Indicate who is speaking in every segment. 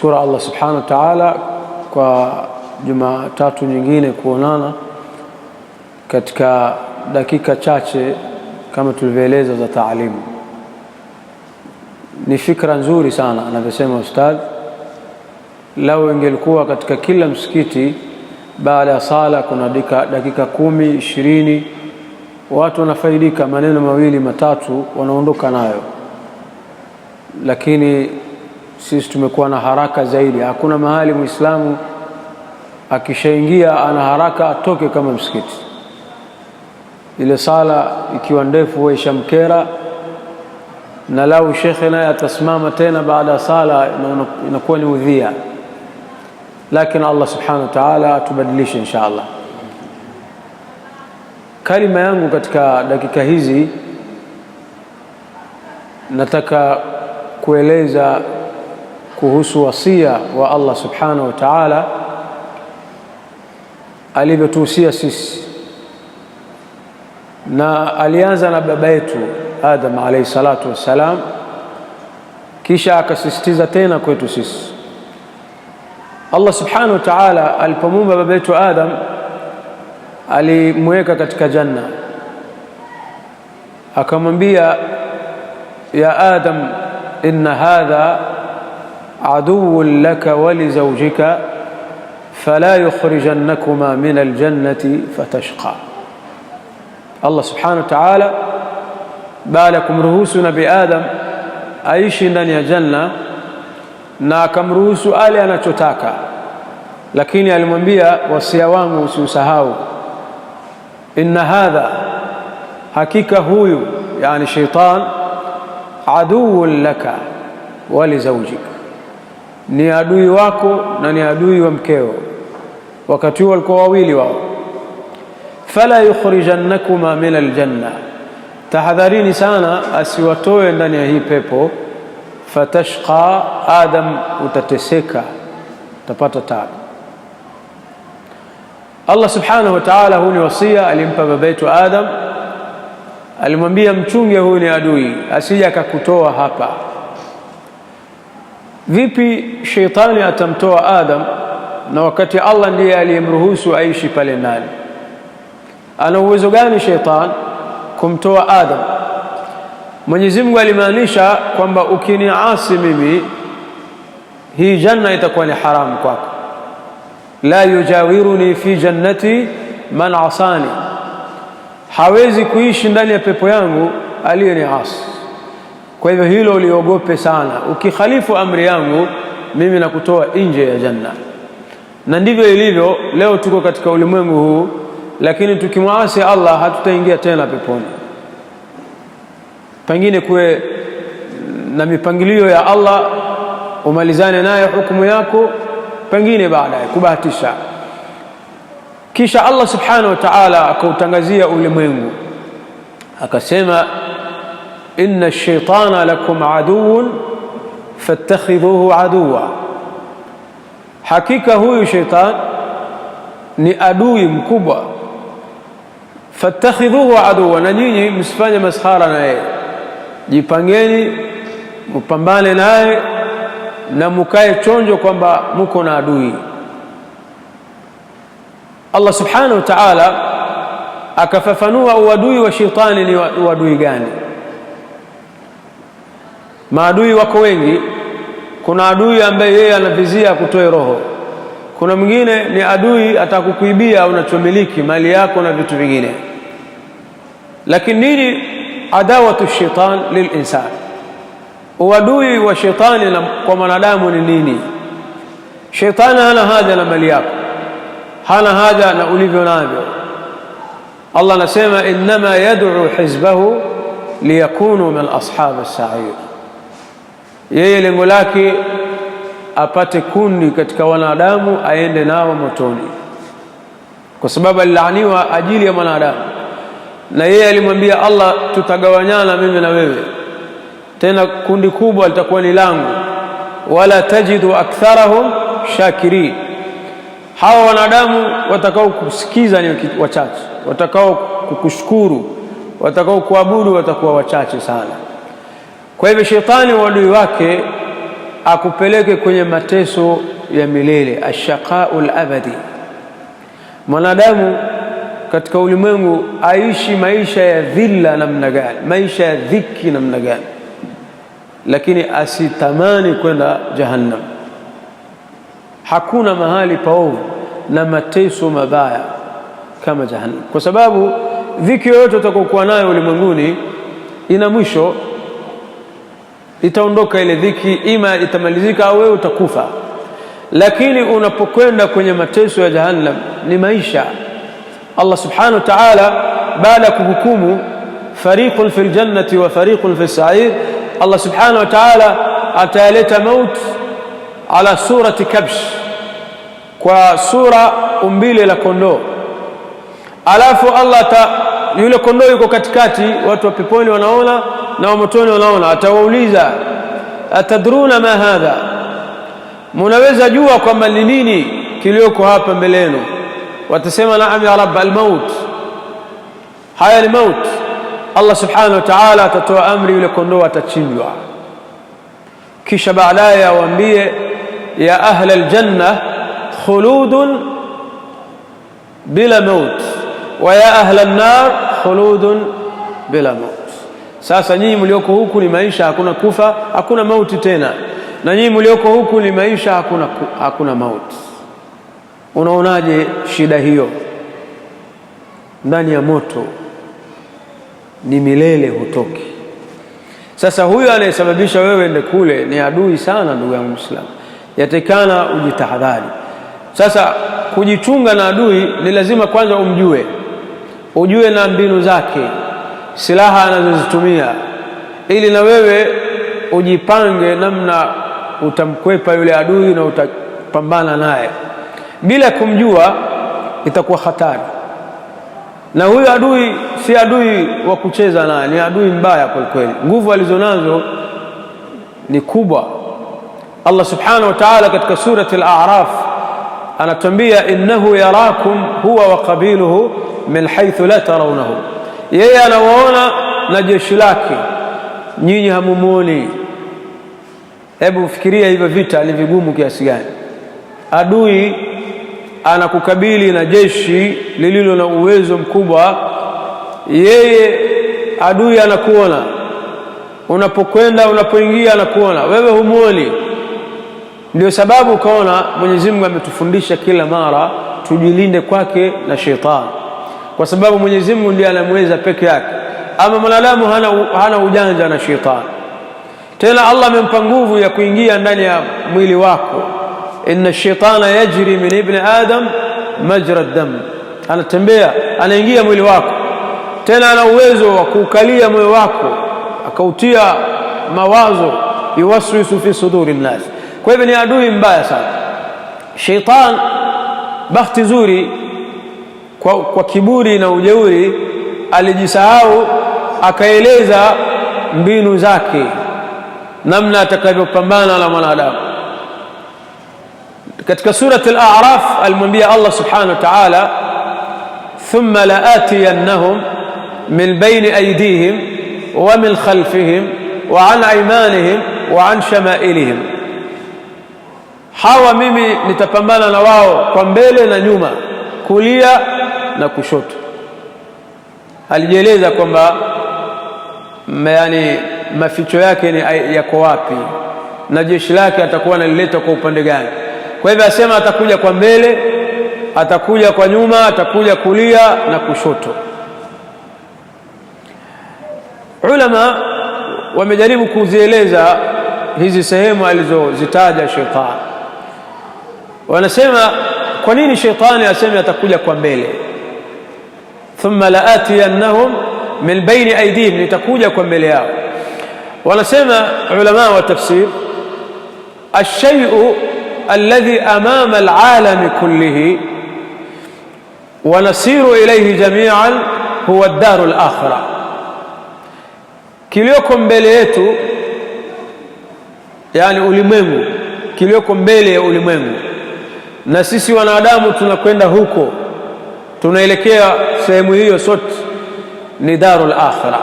Speaker 1: Tunamshukuru Allah subhanahu wa ta'ala kwa Jumatatu nyingine kuonana katika dakika chache kama tulivyoeleza za taalimu. Ni fikra nzuri sana anavyosema ustadh, lau ingelikuwa katika kila msikiti baada ya sala kuna dakika, dakika kumi ishirini, watu wanafaidika maneno mawili matatu, wanaondoka nayo lakini sisi tumekuwa na haraka zaidi. Hakuna mahali mwislamu akishaingia ana haraka atoke kama msikiti. Ile sala ikiwa ndefu waishamkera, na lau shekhe naye atasimama tena baada ya sala inakuwa ni udhia. Lakini Allah subhanahu wa ta'ala atubadilishe insha Allah. Kalima yangu katika dakika hizi nataka kueleza kuhusu wasia wa Allah subhanahu wa ta'ala alivyotuhusia sisi, na alianza na baba yetu Adam alayhi salatu wassalam, kisha akasisitiza tena kwetu sisi. Allah subhanahu wa ta'ala alipomuumba baba yetu Adam alimweka katika janna, akamwambia ya Adam, inna hadha عدو لك ولزوجك فلا يخرجنكما من الجنة فتشقى الله سبحانه وتعالى بالكم رؤوس نبي آدم أيش ندني جنة نا كم رؤوس آل أنا تتاكا لكن يا المنبيا والسيوام سوسهاو إن هذا حقيقة هو يعني شيطان عدو لك ولزوجك ni adui wako na ni adui wa mkeo. Wakati huo walikuwa wawili wao. Fala yukhrijannakuma min aljanna, tahadharini sana asiwatoe ndani ya hii pepo. Fatashqa Adam, utateseka utapata taabu. Allah subhanahu wa ta'ala, huu ni wasia alimpa baba yetu Adam, alimwambia mchunge, huyu ni adui asije akakutoa hapa Vipi sheitani atamtoa Adam na wakati Allah ndiye aliyemruhusu aishi pale ndani? Ana uwezo gani sheitani kumtoa Adam? Mwenyezi Mungu alimaanisha kwamba ukiniasi mimi hii janna itakuwa ni haramu kwako, la yujawiruni fi jannati man asani, hawezi kuishi ndani ya pepo yangu aliyeniasi kwa hivyo hilo uliogope sana, ukikhalifu amri yangu mimi nakutoa nje ya janna. Na ndivyo ilivyo leo, tuko katika ulimwengu huu, lakini tukimwasi Allah hatutaingia tena peponi. Pengine kuwe na mipangilio ya Allah umalizane naye hukumu yako, pengine baadaye kubahatisha. Kisha Allah subhanahu wa ta'ala akautangazia ulimwengu akasema inna shaitana lakum aduun fattakhidhuhu aduwa, hakika huyu shaitan ni adui mkubwa. fatakhidhuhu aduwa, na nyinyi msifanye maskhara naye, jipangeni mupambane naye na mukae chonjo kwamba muko na adui. Allah subhanahu wa ta'ala akafafanua uadui wa shetani ni uadui gani? Maadui wako wengi. Kuna adui ambaye yeye anavizia kutoe roho, kuna mwingine ni adui atakukuibia unachomiliki mali yako na vitu vingine. Lakini nini adawatu shaitan lilinsan, uadui wa shaitani kwa mwanadamu ni nini? shaitani hana haja na mali yako, hana haja na ulivyo navyo. Allah anasema, innama yad'u hizbahu liyakunuu min ashabi as-sa'ir yeye lengo lake apate kundi katika wanadamu aende nao motoni, kwa sababu alilaaniwa ajili ya mwanadamu. Na yeye alimwambia Allah, tutagawanyana mimi na wewe, tena kundi kubwa litakuwa ni langu, wala tajidu aktharahum shakirin. Hawa wanadamu watakao kusikiza ni wachache, watakao kukushukuru, watakao kuabudu watakuwa wachache sana. Kwa hivyo shetani wadui wake akupeleke kwenye mateso ya milele, ashaqaul abadi. Mwanadamu katika ulimwengu aishi maisha ya dhilla namna gani, maisha ya dhiki namna gani, lakini asitamani kwenda jahannam. Hakuna mahali paovu na mateso mabaya kama jahannam, kwa sababu dhiki yoyote utakokuwa nayo ulimwenguni ina mwisho itaondoka ile dhiki, ima itamalizika au wewe utakufa. Lakini unapokwenda kwenye mateso ya jahannam ni maisha. Allah subhanahu wa ta'ala, baada ya kuhukumu fariqun fil jannati wa fariqun fis sa'ir, Allah subhanahu wa ta'ala atayaleta mauti ala surati kabsh, kwa sura umbile la kondoo, alafu Allah ta yule kondoo yuko katikati, watu wa peponi wanaona na wa motoni wanaona. Atawauliza, atadruna ma hadha, munaweza jua kwamba ni nini kilioko hapa mbele yenu? Watasema, naam ya rab almaut, haya ni maut. Allah subhanahu wa ta'ala atatoa amri, yule kondoo atachinjwa, kisha baadaye awaambie, ya ahla aljanna khuludun bila maut wa ya ahla an-nar khuludun bila maut. Sasa nyinyi mlioko huku ni maisha, hakuna kufa, hakuna mauti tena, na nyinyi mlioko huku ni maisha, hakuna, hakuna mauti. Unaonaje shida hiyo? Ndani ya moto ni milele, hutoki. Sasa huyo anayesababisha wewe ende kule ni adui sana, ndugu yangu Muislamu, yatekana ujitahadhari. Sasa kujichunga na adui ni lazima kwanza umjue ujue na mbinu zake, silaha anazozitumia, ili na wewe ujipange namna utamkwepa yule adui na utapambana naye. Bila kumjua itakuwa hatari, na huyu adui si adui wa kucheza naye, ni adui mbaya kwelikweli. Nguvu alizonazo ni kubwa. Allah subhanahu wa ta'ala katika surati Al-A'raf anatuambia innahu yarakum huwa wa qabiluhu min haithu la tarawnahu, yeye anawaona na jeshi lake, nyinyi hamumuoni. Hebu fikiria hivyo vita ni vigumu kiasi gani! Adui anakukabili na jeshi lililo na uwezo mkubwa, yeye adui anakuona unapokwenda, unapoingia, anakuona wewe, humuoni ndio sababu ukaona Mwenyezi Mungu ametufundisha kila mara tujilinde kwake na shetani, kwa sababu Mwenyezi Mungu ndiye anamweza peke yake. Ama mwanadamu hana, hana ujanja na shetani. Tena Allah amempa nguvu ya kuingia ndani ya mwili wako, inna shaitana yajri min ibni adam majra dam, anatembea anaingia mwili wako. Tena ana uwezo wa kuukalia moyo wako akautia mawazo, yuwaswisu fi suduri nnas Kwa hivyo ni adui mbaya sana sheitan. Bahati nzuri kwa, kwa kiburi na ujeuri alijisahau, akaeleza mbinu zake namna atakavyopambana na mwanadamu. Katika Surat Al-A'raf alimwambia Allah subhanahu wa ta'ala, thumma laatiyannahum min baini aydihim wa min khalfihim wa an aymanihim wa an shamailihim hawa mimi nitapambana na wao kwa mbele na nyuma, kulia na kushoto. Alijieleza kwamba mm, yani maficho yake ni yako wapi na jeshi lake atakuwa analileta kwa upande gani. Kwa hivyo asema atakuja kwa mbele, atakuja kwa nyuma, atakuja kulia na kushoto. Ulama wamejaribu kuzieleza hizi sehemu alizozitaja shetani wanasema kwa nini sheitani aseme atakuja kwa mbele thumma laatiyannahum min baini aidihim nitakuja kwa mbele yao wanasema ulama wa tafsir alshayu alladhi amama alalami kullihi wanasiru ilaihi jamian huwa daru lakhira kilioko mbele yetu yani ulimwengu kilioko mbele ya ulimwengu na sisi wanadamu tunakwenda huko, tunaelekea sehemu hiyo sote, ni darul akhira.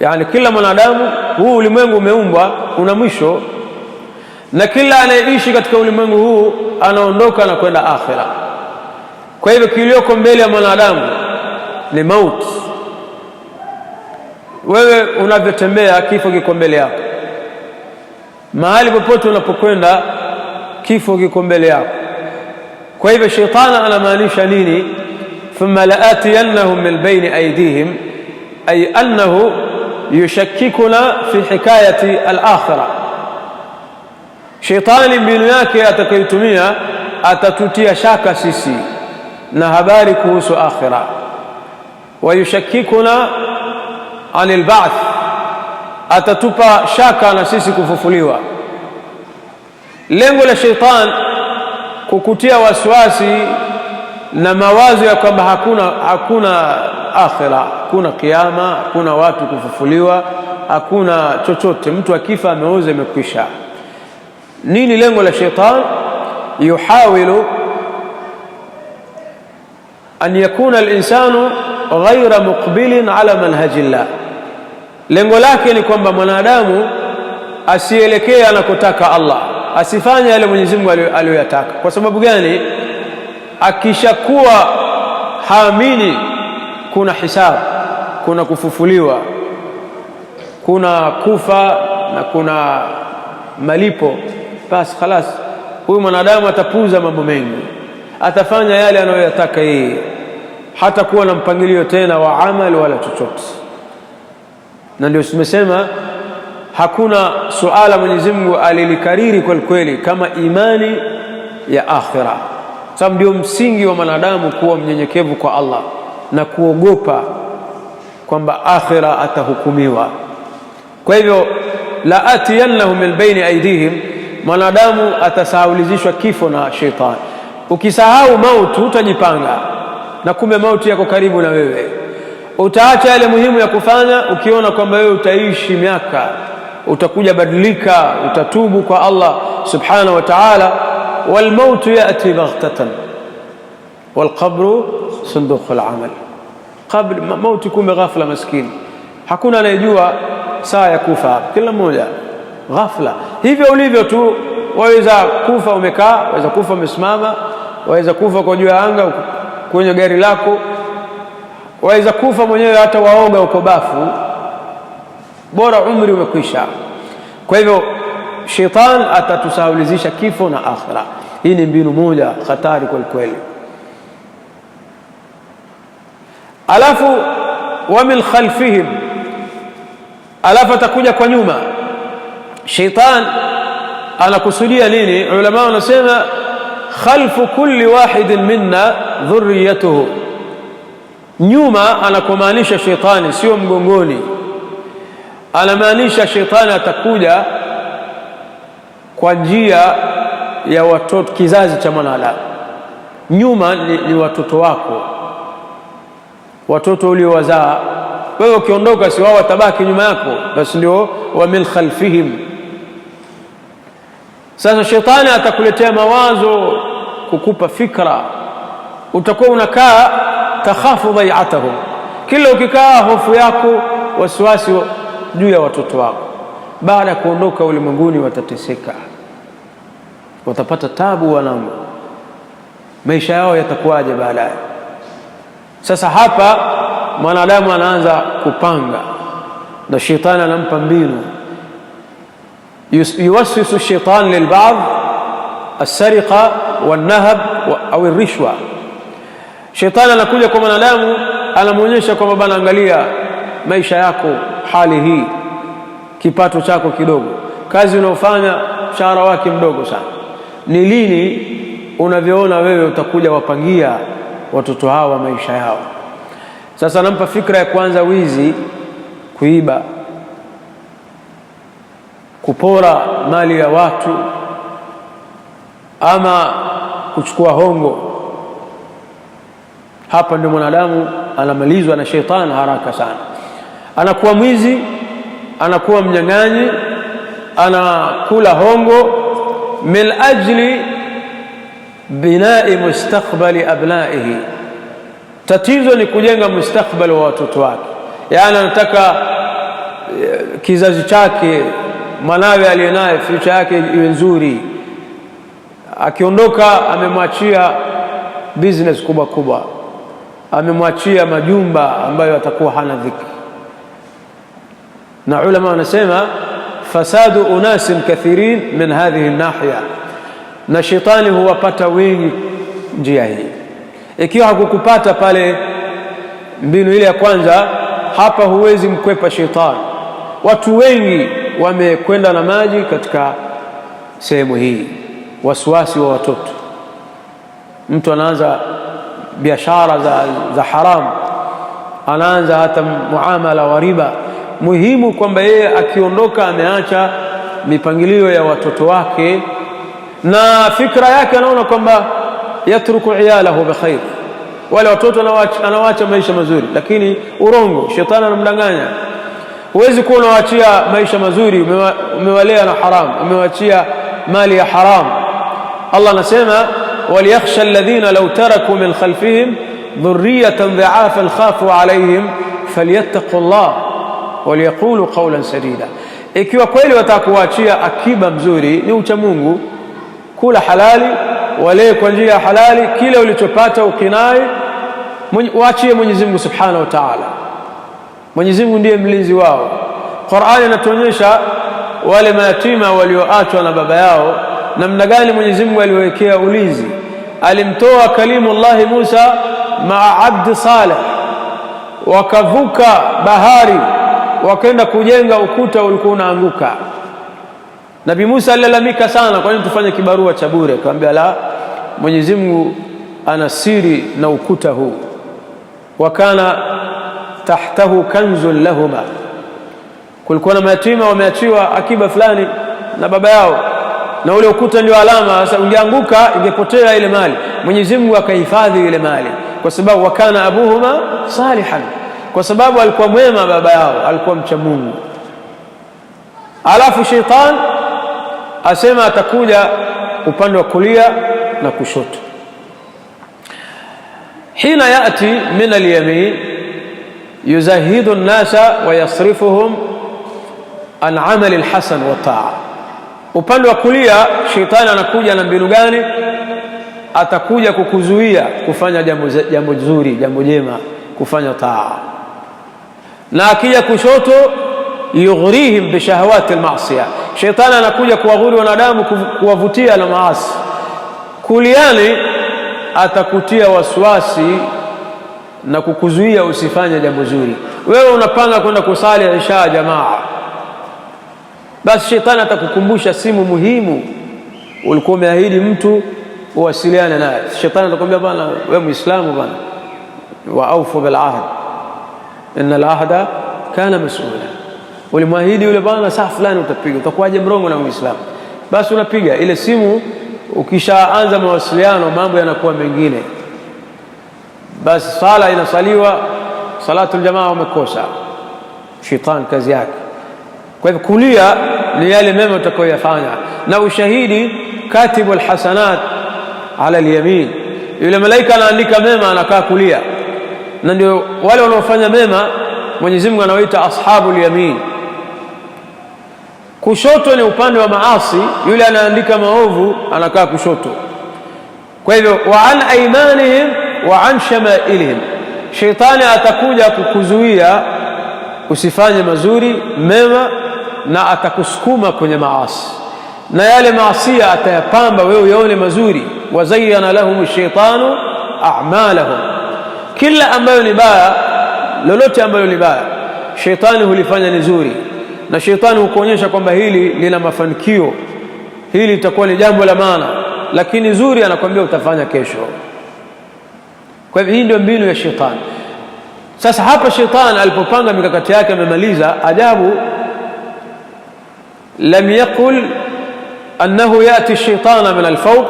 Speaker 1: Yani kila mwanadamu, huu ulimwengu umeumbwa una mwisho, na kila anayeishi katika ulimwengu huu anaondoka na kwenda akhira. Kwa hivyo kilioko mbele ya mwanadamu ni mauti. Wewe unavyotembea, kifo kiko mbele yako, mahali popote unapokwenda kifo kiko mbele yako. Kwa hivyo shetani anamaanisha nini? thumma laatiyannahum min baini aydihim, ay annahu yushakkikuna fi hikayati al-akhira. Shetani mbinu yake atakayotumia atatutia shaka sisi na habari kuhusu akhira, wayushakkikuna anil ba'th, atatupa shaka na sisi kufufuliwa Lengo la sheitan kukutia wasiwasi na mawazo ya kwamba hakuna, hakuna akhira, hakuna kiama, hakuna watu kufufuliwa, hakuna chochote, mtu akifa ameuza, imekwisha. Nini lengo la sheitan yuhawilu an yakuna alinsanu ghaira muqbilin ala manhaji llah, lengo lake ni kwamba mwanadamu asielekee anakotaka Allah, asifanye yale Mwenyezi Mungu aliyoyataka. Kwa sababu gani? Akishakuwa haamini kuna hisabu, kuna kufufuliwa, kuna kufa na kuna malipo, basi khalas, huyu mwanadamu atapuuza mambo mengi, atafanya yale anayoyataka yeye, hata kuwa na mpangilio tena wa amali wala chochote, na ndio tumesema Hakuna suala Mwenyezi Mungu alilikariri kwa kweli kama imani ya akhira, sababu ndio msingi wa mwanadamu kuwa mnyenyekevu kwa Allah na kuogopa kwamba akhira atahukumiwa. Kwa hivyo, la atiyannahum min baini aidihim, mwanadamu atasahaulizishwa kifo na shetani. Ukisahau mauti utajipanga, na kumbe mauti yako karibu na wewe. Utaacha yale muhimu ya kufanya, ukiona kwamba wewe utaishi miaka utakuja badilika, utatubu kwa Allah subhanahu wa ta'ala. Walmautu yati baghtatan walqabru sunduku lamal qabl mauti. Kumbe ghafla, maskini, hakuna anayejua saa ya kufa kila mmoja ghafla. Hivyo ulivyo tu, waweza kufa umekaa, waweza kufa umesimama, waweza kufa kwa juu ya anga, kwenye gari lako, waweza kufa mwenyewe, hata waoga uko bafu bora umri umekwisha. Kwa hivyo shetani atatusahulizisha kifo na akhira. Hii ni mbinu moja khatari kwelikweli. Alafu wa min khalfihim, alafu atakuja kwa nyuma sheitan. Anakusudia nini? Ulama wanasema khalfu kulli wahidin minna dhuriyatuhu nyuma anakumaanisha sheitani, sio mgongoni anamaanisha shetani atakuja kwa njia ya watoto kizazi cha mwanadamu. Nyuma ni, ni watoto wako, watoto uliowazaa wewe. Ukiondoka, si wao watabaki nyuma yako? Basi ndio wa min khalfihim. Sasa shetani atakuletea mawazo, kukupa fikra, utakuwa unakaa takhafu dhaiatahum, kila ukikaa hofu yako wasiwasi juu ya watoto wako. Baada ya kuondoka ulimwenguni, watateseka, watapata tabu wanangu, maisha yao yatakuwaje baadaye? Sasa hapa mwanadamu anaanza kupanga, na shetani anampa mbinu. yuwaswisu shaitan lilbadh alsariqa walnahab au rishwa. Shetani anakuja kwa mwanadamu, anamwonyesha kwamba bana, angalia maisha yako hali hii, kipato chako kidogo, kazi unaofanya mshahara wake mdogo sana, ni lini unavyoona wewe utakuja wapangia watoto hawa maisha yao? Sasa nampa fikra ya kwanza, wizi, kuiba, kupora mali ya watu, ama kuchukua hongo. Hapa ndio mwanadamu anamalizwa na sheitani haraka sana anakuwa mwizi, anakuwa mnyang'anyi, anakula hongo min ajli binai mustakbali abnaihi. Tatizo ni kujenga mustakbali wa watoto wake, yaani anataka eh, kizazi chake mwanawe aliyenaye future yake iwe nzuri. Akiondoka amemwachia business kubwa kubwa, amemwachia majumba ambayo atakuwa hana dhiki na ulama wanasema fasadu unasin kathirin min hadhihi nahya, na shetani huwapata wengi njia hii. Ikiwa hakukupata pale mbinu ile ya kwanza, hapa huwezi mkwepa shetani. Watu wengi wamekwenda na maji katika sehemu hii, wasiwasi wa watoto. Mtu anaanza biashara za, za haramu, anaanza hata muamala wa riba muhimu kwamba yeye akiondoka ameacha mipangilio ya watoto wake na fikra yake, anaona kwamba yatruku iyalahu bikhair, wale watoto anawacha maisha mazuri. Lakini urongo, shetani anamdanganya. Huwezi kuwa unawaachia maisha mazuri, umewalea na haramu, umewachia mali ya haramu. Allah anasema waliyakhsha alladhina law taraku min khalfihim dhurriyatan dhiafan khafu alayhim falyattaqu llah waliyaqulu qawlan sadida, ikiwa kweli watakuachia akiba mzuri, ni ucha mungu kula halali, walee kwa njia ya halali, kile ulichopata ukinai, waachie Mwenyezi Mungu subhanahu wa taala. Mwenyezi Mungu ndiye mlinzi wao. Qur'ani inatuonyesha wale mayatima walioachwa na baba yao, namna gani Mwenyezi Mungu aliwekea ulinzi. Alimtoa kalimu Kalimullahi Musa maa abdi Saleh, wakavuka bahari wakaenda kujenga ukuta ulikuwa unaanguka. nabi Musa alilalamika sana, kwa nini tufanye kibarua cha bure? Akamwambia la, Mwenyezi Mungu ana siri na ukuta huu, wakana tahtahu kanzun lahuma, kulikuwa na mayatima wameachiwa akiba fulani na baba yao, na ule ukuta ndio alama. Sasa ungeanguka ingepotea ile mali. Mwenyezi Mungu akahifadhi ile mali kwa sababu wakana abuhuma salihan kwa sababu alikuwa mwema baba yao, alikuwa mcha Mungu. Alafu sheitan asema atakuja upande wa kulia na kushoto. Hina yati min alyamin yuzahidu nnasa wa yasrifuhum an amali lhasan wa taa. Upande wa kulia sheitani anakuja na mbinu gani? Atakuja kukuzuia kufanya jambo zuri, jambo jema, kufanya taa na akija kushoto yughrihim bishahawati lmasia sheitani anakuja kuwaghuri wanadamu, kuwavutia na maasi. Kuliani atakutia wasiwasi na kukuzuia usifanye jambo zuri. Wewe unapanga kwenda kusali isha jamaa, basi shetani atakukumbusha simu muhimu ulikuwa umeahidi mtu uwasiliane naye. Shetani atakwambia bana, wewe Muislamu bana, wa aufu bil ahd innal ahda kana mas'ula. Ulimwahidi yule bwana saa fulani utapiga, utakuwaje mrongo na Muislamu? Basi unapiga ile simu. Ukishaanza mawasiliano, mambo yanakuwa mengine. Basi sala inasaliwa salatu jamaa, umekosa. Shetani kazi yake. Kwa hivyo, kulia ni yale mema utakayoyafanya, na ushahidi katibu alhasanat ala alyamin, yule malaika anaandika mema, anakaa kulia na ndio wale wanaofanya mema Mwenyezi Mungu anawaita ashabul yamin. Kushoto ni upande wa maasi, yule anaandika maovu anakaa kushoto. Kwa hivyo, wa an aimanihim wa an shamailihim, sheitani atakuja kukuzuia usifanye mazuri mema, na atakusukuma kwenye maasi, na yale maasia atayapamba wewe uyaone mazuri. wazayana lahum shaitanu a'malahum kila ambayo ni baya, lolote ambayo ni baya, shetani hulifanya ni zuri, na sheitani hukuonyesha kwamba hili lina mafanikio, hili litakuwa ni jambo la maana, lakini zuri anakwambia utafanya kesho. Kwa hivyo hii ndio mbinu ya sheitani Sasa hapa sheitani alipopanga mikakati yake amemaliza. Ajabu, lam yaqul annahu yati shaitana min alfawq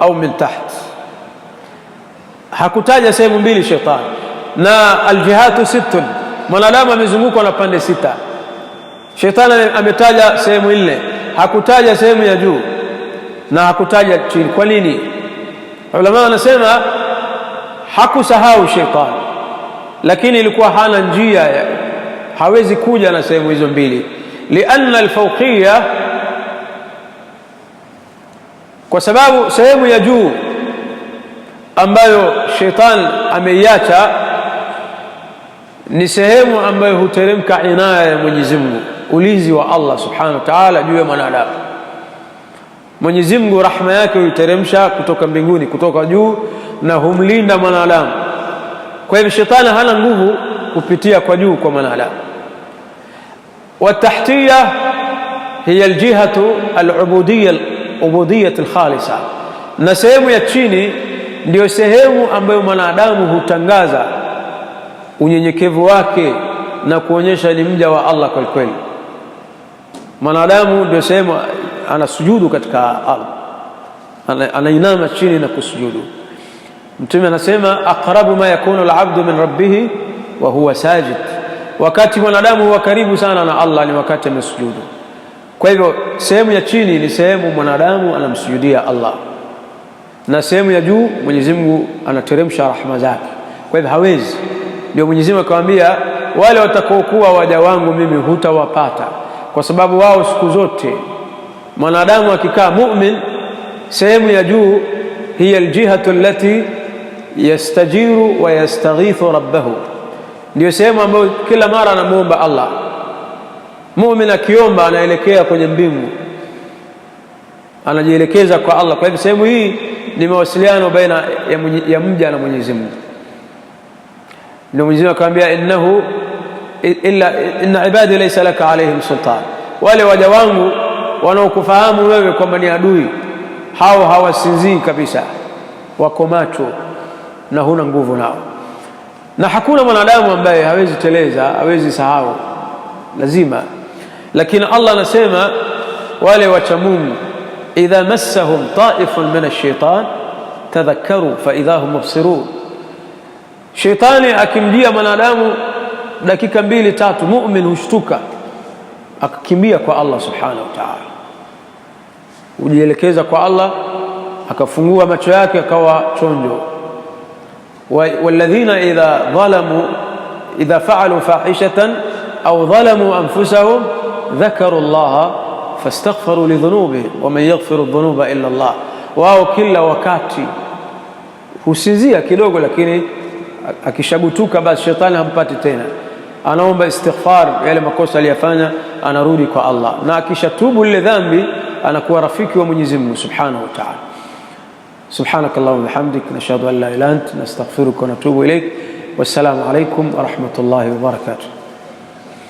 Speaker 1: au min taht Hakutaja sehemu mbili shetani na aljihatu sittun, mwanadamu amezungukwa na pande sita. Shetani ametaja sehemu nne, hakutaja sehemu ya juu na hakutaja chini. Kwa nini? Ulama wanasema hakusahau shetani, lakini ilikuwa hana njia, hawezi kuja na sehemu hizo mbili, lianna alfawqiya, kwa sababu sehemu ya juu ambayo shetani ameiacha ni sehemu ambayo huteremka inaya ya Mwenyezi Mungu, ulinzi wa Allah subhanahu wa ta'ala juu ya mwanadamu. Mwenyezi Mungu rahma yake huiteremsha kutoka mbinguni, kutoka juu na humlinda mwanadamu. Kwa hivyo shetani hana nguvu kupitia kwa juu kwa mwanadamu. Watahtiya hiya aljihatu alubudiya alubudiyya alkhalisa, na sehemu ya chini ndiyo sehemu ambayo mwanadamu hutangaza unyenyekevu wake na kuonyesha ni mja wa Allah kwelikweli kweli. Mwanadamu ndio sehemu anasujudu katika ardhi, anainama chini na kusujudu. Mtume anasema aqrabu ma yakunu alabdu min rabbihi wa huwa sajid, wakati mwanadamu huwa karibu sana na Allah ni wakati amesujudu. Kwa hivyo sehemu ya chini ni sehemu mwanadamu anamsujudia Allah na sehemu ya juu Mwenyezi Mungu anateremsha rahma zake. Kwa hivyo hawezi, ndio Mwenyezi Mungu akamwambia, wale watakaokuwa waja wangu mimi hutawapata, kwa sababu wao siku zote mwanadamu akikaa mu'min, sehemu ya juu hiya aljihatu allati yastajiru wa yastaghithu rabbahu, ndio sehemu ambayo kila mara anamwomba Allah. Mu'min akiomba anaelekea kwenye mbingu, anajielekeza kwa Allah. Kwa hivyo sehemu hii ni mawasiliano baina ya mja na Mwenyezi Mungu. Ndio Mwenyezi Mungu akamwambia, innahu illa inna ibadi laysa laka alaihim sultan, wale waja wangu wanaokufahamu wewe kwamba ni adui, hao hawasinzii kabisa, wako macho na huna nguvu nao, na hakuna mwanadamu ambaye hawezi teleza, hawezi sahau lazima. Lakini Allah anasema wale wacha Mungu إذا مسهم طائف من الشيطان تذكروا فإذا هم مبصرون شيطان أكمدية من الأم لكي كمبيل تات مؤمن وشتوكا أكمية كو الله سبحانه وتعالى وليلكيزة كو الله أكفنوا ما تشاكي كو تونجو والذين إذا ظلموا إذا فعلوا فاحشة أو ظلموا أنفسهم ذكروا الله فاستغفروا لذنوبه ومن يغفر الذنوب إلا الله واو كلا وكاتي فسيزي كيلوغو لكني أكشغوتوكا بس شيطان هم تينا أنا أم باستغفار يلي مكوسا فانا أنا رودي كو الله نا أكش توبوا لذنبي أنا كو رفيكي ومنزم سبحانه وتعالى سبحانك اللهم وبحمدك نشهد أن لا إله الا أنت نستغفرك ونتوب إليك والسلام عليكم ورحمة الله وبركاته